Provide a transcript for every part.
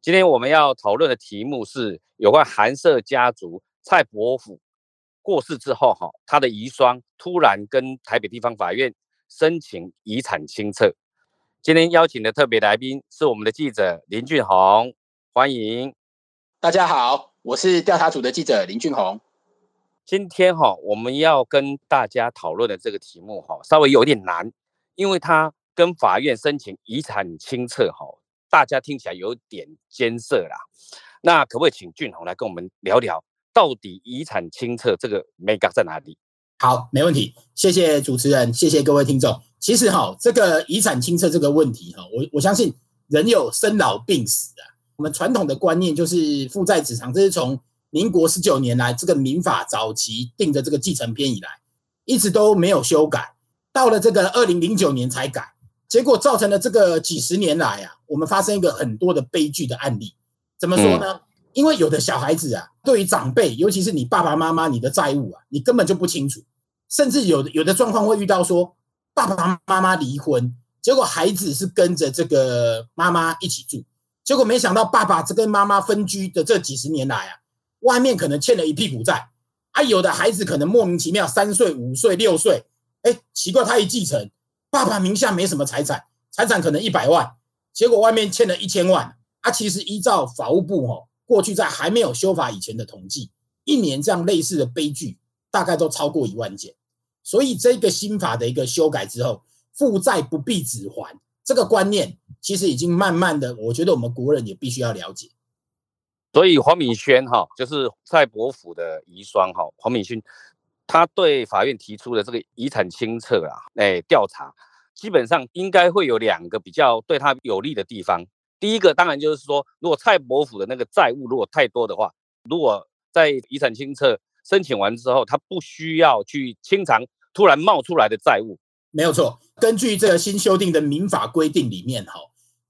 今天我們要討論的題目是有關寒舍家族蔡柏府過世之後、啊，哈，他的遺孀突然跟台北地方法院申請遺產清冊。今天邀請的特別來賓是我們的記者林俊宏，歡迎。大家好，我是調查組的記者林俊宏。今天哈、啊，我們要跟大家討論的這個題目哈、啊，稍微有點難，因為他跟法院申請遺產清冊哈、啊。大家聽起來有點艱澀啦，那可不可以請俊宏來跟我們聊聊，到底遺產清冊這個美感在哪裡？好，沒問題，謝謝主持人，謝謝各位聽眾。其實哈，這個遺產清冊這個問題哈，我我相信人有生老病死啊。我們傳統的觀念就是父債子償，這是從民國十九年來這個民法早期定的這個繼承篇以來，一直都沒有修改，到了這個二零零九年才改。結果造成了這個幾十年來啊，我們發生一個很多的悲劇的案例。怎麼說呢？嗯。因為有的小孩子啊，對於長輩，尤其是你爸爸媽媽你的債務啊，你根本就不清楚。甚至有的有的狀況會遇到說，爸爸媽媽離婚，結果孩子是跟着這個媽媽一起住，結果沒想到爸爸跟媽媽分居的這幾十年來啊，外面可能欠了一屁股債。啊，有的孩子可能莫名其妙三歲、五歲、六歲，哎，奇怪，他一繼承。爸爸名下沒什麼財產，財產可能一百萬，結果外面欠了一千萬。他、啊、其實依照法務部哈、哦、過去在還沒有修法以前的統計，一年這樣類似的悲劇大概都超過一萬件。所以這個新法的一個修改之後，負債不必只還，這個觀念其實已經慢慢的，我覺得我們國人也必須要了解。所以黃敏軒哈，就是蔡柏府的遺孀哈，黃敏軒。他對法院提出的這個遺產清冊啊，哎，調查，基本上應該會有兩個比較對他有利的地方。第一個當然就是說，如果蔡柏府的那個債務如果太多的話，如果在遺產清冊申請完之後，他不需要去清償突然冒出來的債務。沒有錯，根據這個新修訂的民法規定裡面，哈，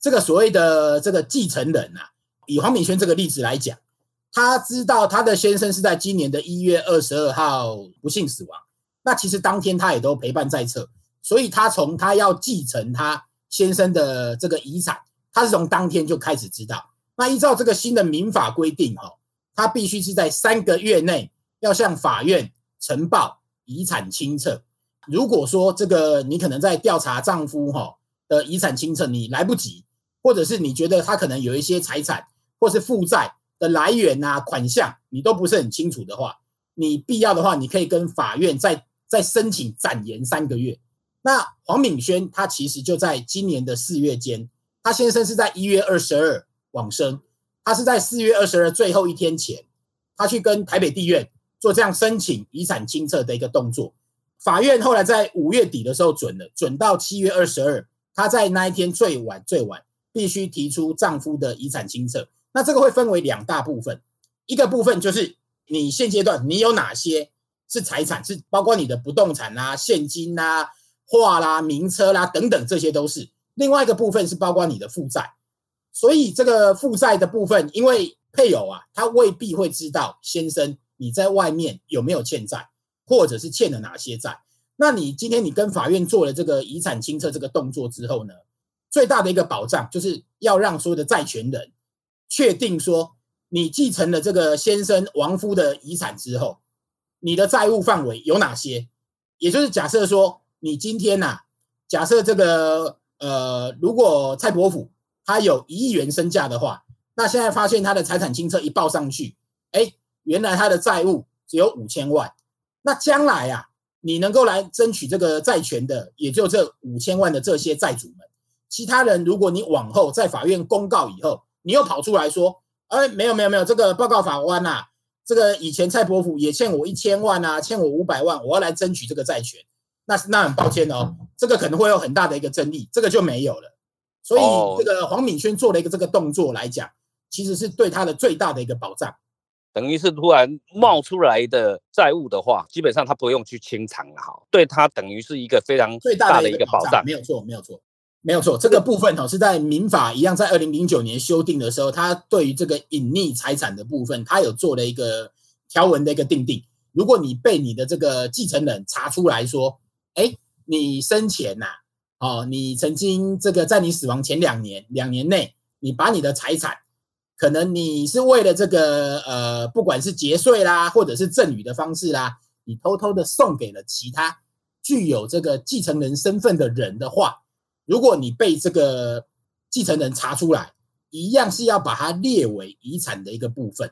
這個所謂的這個繼承人吶、啊，以黃敏軒這個例子來講。他知道他的先生是在今年的一月二十二號不幸死亡，那其實當天他也都陪伴在側，所以他從他要繼承他先生的這個遺產，他是從當天就開始知道。那依照這個新的民法規定，哈，他必須是在三個月內要向法院呈報遺產清冊。如果說這個你可能在調查丈夫哈的遺產清冊，你來不及，或者是你覺得他可能有一些財產或是負債。的來源吶、啊，款項你都不是很清楚的話，你必要的話，你可以跟法院再再申請展延三個月。那黃敏軒他其實就在今年的四月間，他先生是在一月二十二往生，他是在四月二十二最後一天前，他去跟台北地院做這樣申請遺產清冊的一個動作。法院後來在五月底的時候准了，准到七月二十二，他在那一天最晚最晚，必須提出丈夫的遺產清冊。那這個會分為兩大部分，一個部分就是你現階段你有哪些是財產，是包括你的不動產啦、啊、現金啦、畫啦、名車啦、啊、等等，這些都是。另外一個部分是包括你的負債。所以這個負債的部分，因為配偶啊，他未必會知道先生你在外面有沒有欠債，或者是欠了哪些債。那你今天你跟法院做了這個遺產清冊這個動作之後呢，最大的一個保障，就是要讓所有的債權人確定說，你繼承了這個先生亡夫的遺產之後，你的債務範圍有哪些？也就是假設說，你今天吶、啊，假設這個呃，如果蔡柏府他有一億元身價的話，那現在發現他的財產清冊一報上去，哎，原來他的債務只有五千萬，那將來啊，你能夠來爭取這個債權的，也就這五千萬的這些債主們。其他人，如果你往後在法院公告以後，你又跑出來說，哎，沒有沒有沒有，這個報告法官吶、啊，這個以前蔡柏府也欠我一千萬啊，欠我五百萬，我要來爭取這個債權，那是，那很抱歉哦，這個可能會有很大的一個爭議，這個就沒有了。所以這個黃敏軒做了一個這個動作來講，其實是對他的最大的一個保障。等於是突然冒出來的債務的話，基本上他不用去清償了哈，對他等於是一個非常大個最大的一個保障，沒有錯，沒有錯。沒有錯，這個部分哦，是在民法一樣，在二零零九年修訂的時候，他對於這個隱匿財產的部分，他有做了一個條文的一個定義。如果你被你的這個繼承人查出來說，哎，你生前吶、啊，哦，你曾經這個在你死亡前兩年、兩年內，你把你的財產，可能你是為了這個呃，不管是節稅啦，或者是贈與的方式啦，你偷偷的送給了其他具有這個繼承人身份的人的話。如果你被這個繼承人查出來，一樣是要把它列為遺產的一個部分。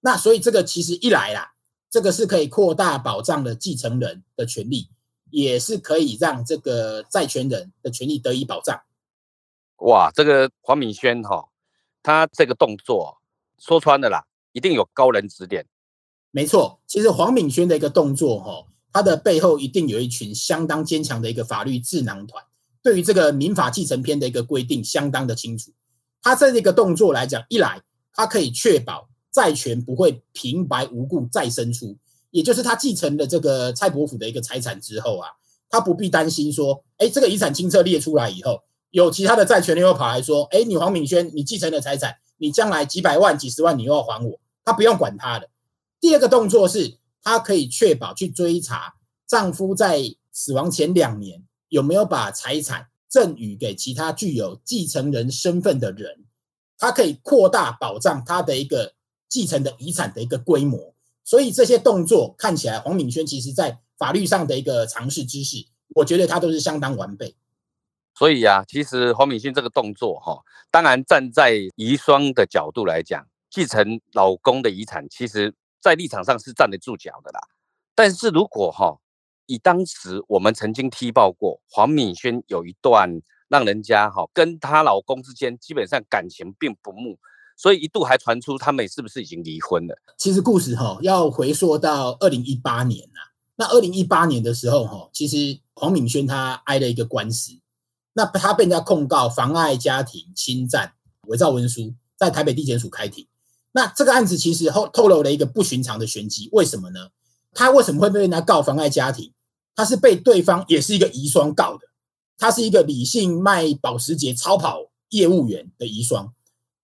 那所以這個其實一來啦，這個是可以擴大保障的繼承人的權利，也是可以讓這個債權人的權利得以保障。哇，這個黃敏軒哈、哦，他這個動作說穿了啦，一定有高人指點。沒錯，其實黃敏軒的一個動作哈，他的背後一定有一群相當堅強的一個法律智囊團。對於這個民法繼承篇的一個規定相當的清楚，他這個動作來講，一來他可以確保債權不會平白無故再生出，也就是他繼承了這個蔡柏府的一個財產之後啊，他不必擔心說，哎，這個遺產清冊列出來以後，有其他的債權人又跑來說，哎，你黃敏軒，你繼承了財產，你將來幾百萬、幾十萬，你又要還我，他不用管他的。第二個動作是，他可以確保去追查丈夫在死亡前兩年。有沒有把財產贈予給其他具有繼承人身份的人？他可以擴大保障他的一個繼承的遺產的一個規模。所以這些動作看起來，黃敏軒其實在法律上的一個嘗試之事，我覺得他都是相當完備。所以啊，其實黃敏軒這個動作哈、哦，當然站在遺孀的角度來講，繼承老公的遺產，其實在立場上是站得住腳的啦。但是如果哈、哦，以當時我們曾經踢爆過黃敏軒有一段讓人家哈跟她老公之間基本上感情並不睦，所以一度還傳出他們是不是已經離婚了。其實故事哈、哦、要回溯到二零一八年了、啊。那二零一八年的時候哈、哦，其實黃敏軒她挨了一個官司，那她被人家控告妨礙家庭、侵占、偽造文書，在台北地檢署開庭。那這個案子其實後透露了一個不尋常的玄機，為什麼呢？她為什麼會被人家告妨礙家庭？他是被對方也是一個遺孀告的，他是一個李姓賣保時捷超跑業務員的遺孀。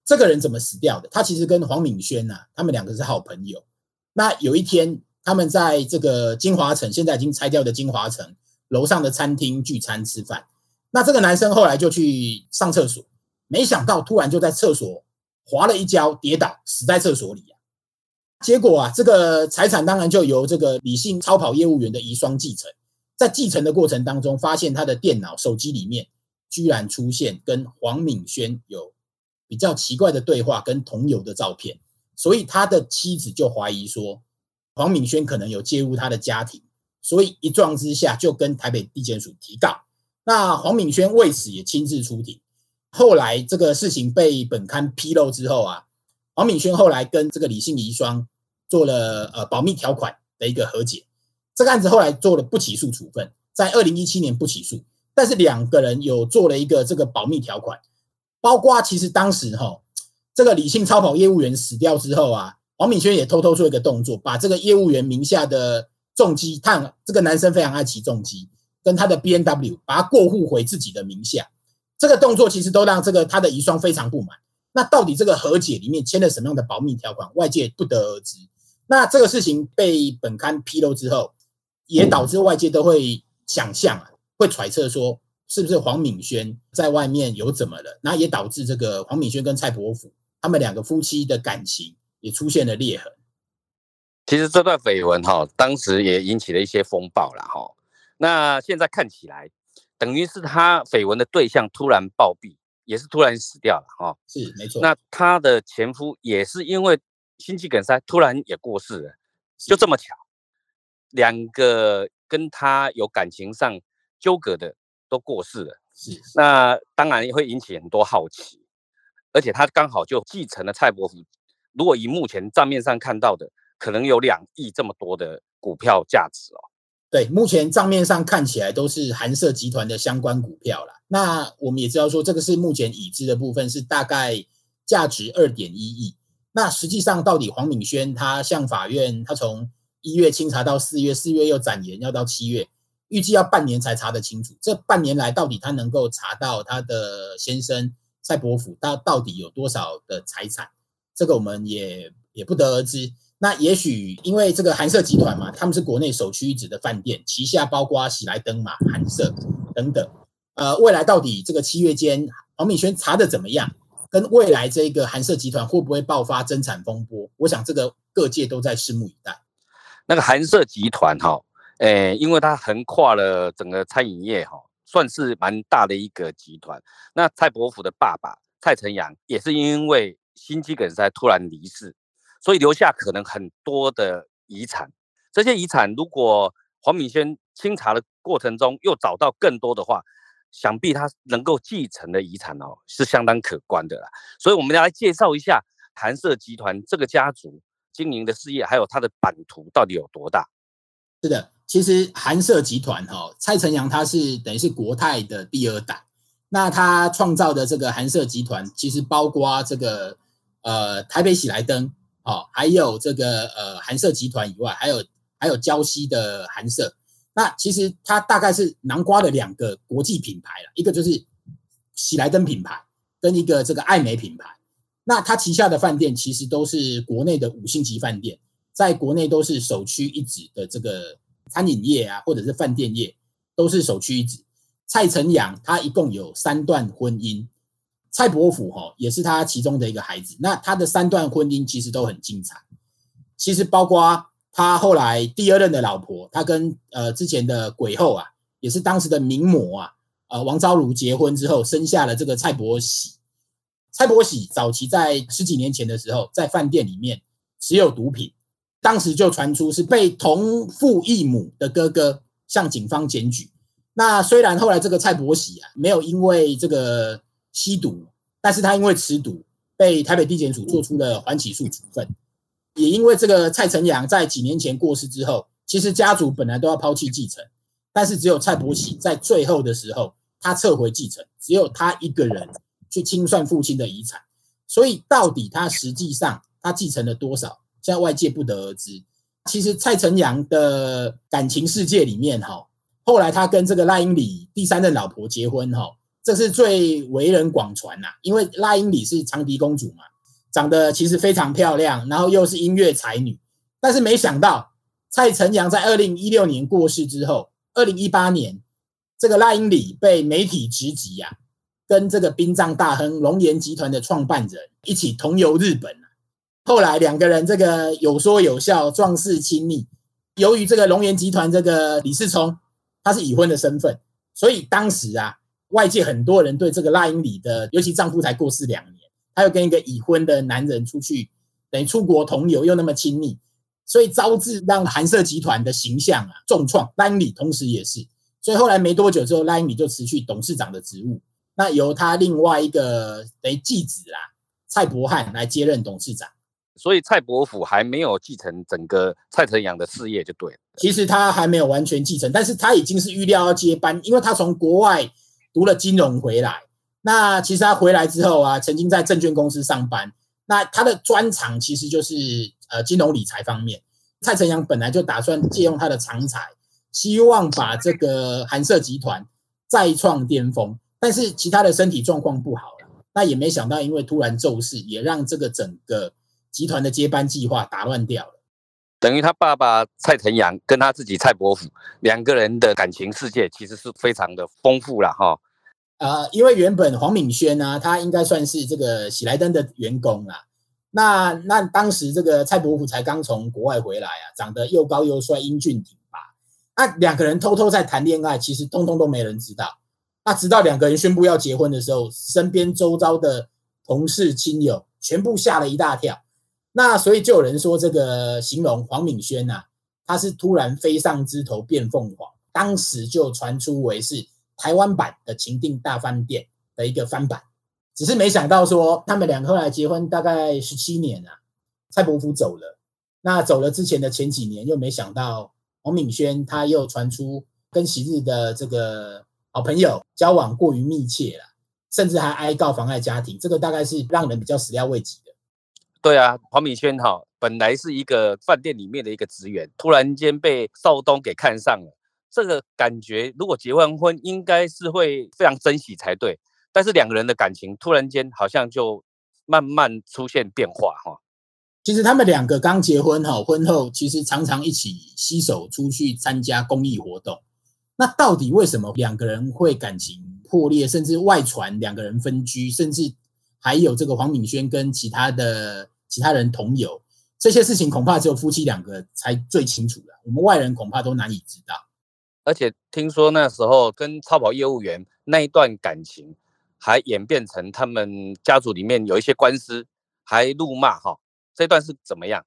這個人怎麼死掉的？他其實跟黃敏軒啊，他們兩個是好朋友。那有一天，他們在這個金華城，現在已經拆掉的金華城樓上的餐廳聚餐吃飯。那這個男生後來就去上廁所，沒想到突然就在廁所滑了一跤，跌倒死在廁所裡啊。結果啊，這個財產當然就由這個李姓超跑業務員的遺孀繼承。在繼承的過程當中，發現他的電腦、手機裡面居然出現跟黃敏軒有比較奇怪的對話跟同遊的照片，所以他的妻子就懷疑說黃敏軒可能有介入他的家庭，所以一狀之下就跟台北地檢署提告。那黃敏軒為此也親自出庭。後來這個事情被本刊披露之後啊，黃敏軒後來跟這個李姓遺孀做了呃保密條款的一個和解。這個案子後來做了不起訴處分，在二零一七年不起訴，但是兩個人有做了一個這個保密條款，包括其實當時哈，這個李姓超跑業務員死掉之後啊，王敏軒也偷偷做一個動作，把這個業務員名下的重機燙，這個男生非常愛騎重機，跟他的 BMW 把他過戶回自己的名下，這個動作其實都讓這個他的遺孀非常不滿。那到底這個和解裡面簽了什麼樣的保密條款，外界不得而知。那這個事情被本刊披露之後，也導致外界都會想象、啊，會揣測說是不是黃敏軒在外面有怎麼了？那也導致這個黃敏軒跟蔡柏府他們兩個夫妻的感情也出現了裂痕、嗯。其實這段緋聞哈，當時也引起了一些風暴了哈、哦。那現在看起來，等於是他緋聞的對象突然暴斃，也是突然死掉了哈、哦。是沒錯。那他的前夫也是因為心肌梗塞突然也過世了，就這麼巧。兩個跟他有感情上糾葛的都過世了，是，那當然會引起很多好奇，而且他剛好就繼承了蔡柏府。如果以目前賬面上看到的，可能有兩億這麼多的股票價值哦。對，目前賬面上看起來都是寒舍集團的相關股票啦。那我們也知道說，這個是目前已知的部分，是大概價值二點一億。那實際上到底黃敏軒他向法院，他從一月清查到四月，四月又展延，要到七月，預計要半年才查得清楚。這半年來，到底他能夠查到他的先生蔡柏府到到底有多少的財產，這個我們也也不得而知。那也許因為這個寒舍集團嘛，他們是國內首屈一指的飯店，旗下包括喜來登、嘛寒舍等等。呃，未來到底這個七月間黃敏軒查得怎麼樣，跟未來這個寒舍集團會不會爆發爭產風波，我想這個各界都在拭目以待。那個寒舍集團哈、哦，誒、欸，因為它橫跨了整個餐飲業哈、哦，算是蠻大的一個集團。那蔡柏府的爸爸蔡成陽也是因為心肌梗塞突然離世，所以留下可能很多的遺產。這些遺產如果黃敏軒清查的過程中又找到更多的話，想必他能夠繼承的遺產哦是相當可觀的。所以我們要來介紹一下寒舍集團這個家族，經營的事業還有他的版圖到底有多大？是的，其實寒舍集團哈、哦，蔡辰洋他是等於是國泰的第二代，那他創造的這個寒舍集團，其實包括這個呃台北喜來登哦，還有這個呃寒舍集團以外，還有還有礁溪的寒舍，那其實他大概是囊括的兩個國際品牌了，一個就是喜來登品牌，跟一個這個艾美品牌。那他旗下的飯店其實都是國內的五星級飯店，在國內都是首屈一指的這個餐飲業啊，或者是飯店業都是首屈一指。蔡成陽他一共有三段婚姻，蔡柏府啊也是他其中的一個孩子。那他的三段婚姻其實都很精彩，其實包括他後來第二任的老婆，他跟呃之前的鬼後啊，也是當時的名模啊，呃王昭如結婚之後生下了這個蔡伯喜。蔡伯喜早期在十幾年前的時候，在飯店裡面持有毒品，當時就傳出是被同父異母的哥哥向警方檢舉。那雖然後來這個蔡伯喜啊，沒有因為這個吸毒，但是他因為持毒被台北地檢署做出了緩起訴處分。也因為這個蔡成陽在幾年前過世之後，其實家族本來都要拋棄繼承，但是只有蔡伯喜在最後的時候，他撤回繼承，只有他一個人，去清算父親的遺產，所以到底他實際上他繼承了多少，現在外界不得而知。其實蔡辰洋的感情世界裡面，哈，後來他跟這個賴英里第三任老婆結婚，哈，這是最為人廣傳吶、啊。因為賴英里是長笛公主嘛，長得其實非常漂亮，然後又是音樂才女，但是沒想到蔡辰洋在二零一六年過世之後，二零一八年這個賴英里被媒體直擊呀。跟這個殯葬大亨龍岩集團的創辦人一起同遊日本，後來兩個人這個有說有笑，狀似親密。由於這個龍岩集團這個李世聰他是已婚的身份，所以當時啊，外界很多人對這個賴英里的，尤其丈夫才過世兩年，他又跟一個已婚的男人出去，等於出國同遊又那麼親密，所以招致讓寒舍集團的形象啊重創。賴英里同時也是，所以後來沒多久之後，賴英里就辭去董事長的職務。那由他另外一個誒繼子啦，蔡柏翰來接任董事長，所以蔡柏府還沒有繼承整個蔡成陽的事業就對了。其實他還沒有完全繼承，但是他已經是預料要接班，因為他從國外讀了金融回來。那其實他回來之後啊，曾經在證券公司上班。那他的專長其實就是呃金融理財方面。蔡成陽本來就打算借用他的長才，希望把這個寒舍集團再創巔峰。但是其他的身體狀況不好了，那也沒想到，因為突然驟逝，也讓這個整個集團的接班計劃打亂掉了。等於他爸爸蔡辰洋跟他自己蔡柏府兩個人的感情世界，其實是非常的豐富了哈。啊、哦呃，因為原本黃敏軒啊，他應該算是這個喜來登的員工啊。那那當時這個蔡柏府才剛從國外回來啊，長得又高又帥，英俊挺拔。那、啊、兩個人偷偷在談戀愛，其實通通都沒人知道。那直到兩個人宣布要結婚的時候，身邊周遭的同事親友全部嚇了一大跳。那所以就有人說，這個形容黃敏軒啊，他是突然飛上枝頭變鳳凰。當時就傳出為是台灣版的《情定大飯店》的一個翻版，只是沒想到說他們兩個後來結婚大概十七年啊。蔡柏府走了。那走了之前的前幾年，又沒想到黃敏軒他又傳出跟昔日的這個。好朋友交往過於密切了，甚至還挨告妨害家庭，這個大概是讓人比較始料未及的。對啊，黃敏萱。哈，本來是一個飯店裡面的一個職員，突然間被少東給看上了。這個感覺，如果結完婚，應該是會非常珍惜才對。但是兩個人的感情突然間好像就慢慢出現變化哈。其實他們兩個剛結婚哈，婚後其實常常一起攜手出去參加公益活動。那到底為什麼兩個人會感情破裂，甚至外傳兩個人分居，甚至還有這個黃敏軒跟其他的其他人同遊，這些事情恐怕只有夫妻兩個才最清楚了啊，我們外人恐怕都難以知道。而且聽說那時候跟超跑業務員那一段感情，還演變成他們家族裡面有一些官司，還怒罵哈，這段是怎麼樣？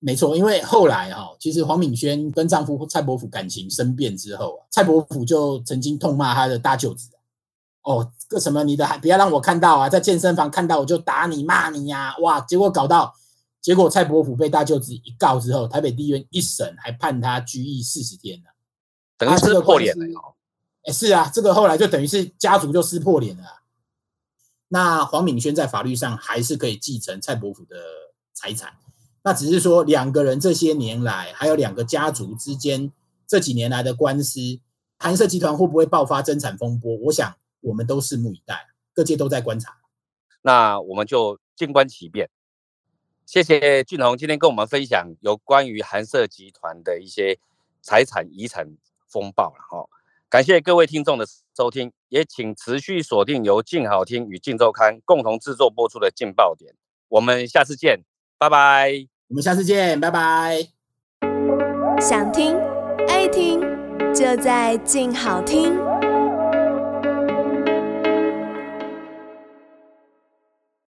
沒錯，因為後來哈、哦，其實黃敏軒跟丈夫蔡柏府感情生變之後啊，蔡柏府就曾經痛罵他的大舅子哦，個什麼你的還不要讓我看到啊，在健身房看到我就打你罵你呀，啊，哇！結果搞到結果蔡柏府被大舅子一告之後，台北地院一審還判他拘役四十天呢，啊，等於撕破臉了。哎，是啊，這個後來就等於是家族就撕破臉了、啊。那黃敏軒在法律上還是可以繼承蔡柏府的財產。那只是說兩個人這些年來，還有兩個家族之間這幾年來的官司，寒舍集團會不會爆發爭產風波？我想，我們都拭目以待，各界都在觀察。那我們就靜觀其變。謝謝俊宏今天跟我們分享有關於寒舍集團的一些財產遺產風暴了、啊、哈、哦。感謝各位聽眾的收聽，也請持續鎖定由鏡好聽與鏡週刊共同製作播出的《鏡爆點》，我們下次見。拜拜，我們下次見，拜拜。想聽，愛聽，就在鏡好聽。